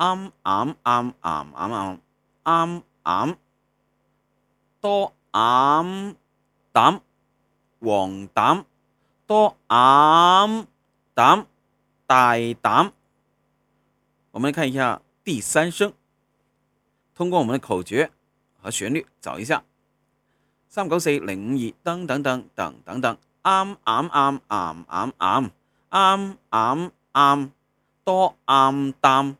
啱啱啱啱啱啱啱啱，多啱膽、嗯、黃疸多啱膽、嗯、大膽，我們看一下第三聲，通過我們的口訣和旋律找一下三九四零五二等等等,等等等等啱啱啱啱啱啱啱啱多啱膽。Anız,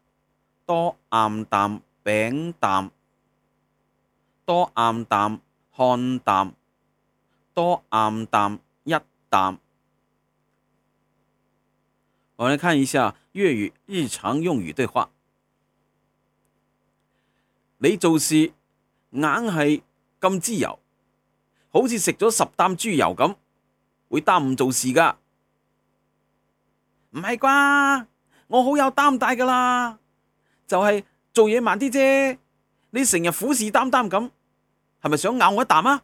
多暗淡，餅餤，多暗淡，菡萏，多暗淡，一啖。我來看一下粵語日常用語對話。你做事硬係咁滋悠，好似食咗十擔豬油咁，會耽誤做事噶。唔係啩？我好有擔戴噶啦。就係做嘢慢啲啫，你成日虎視眈眈咁，係咪想咬我一啖啊？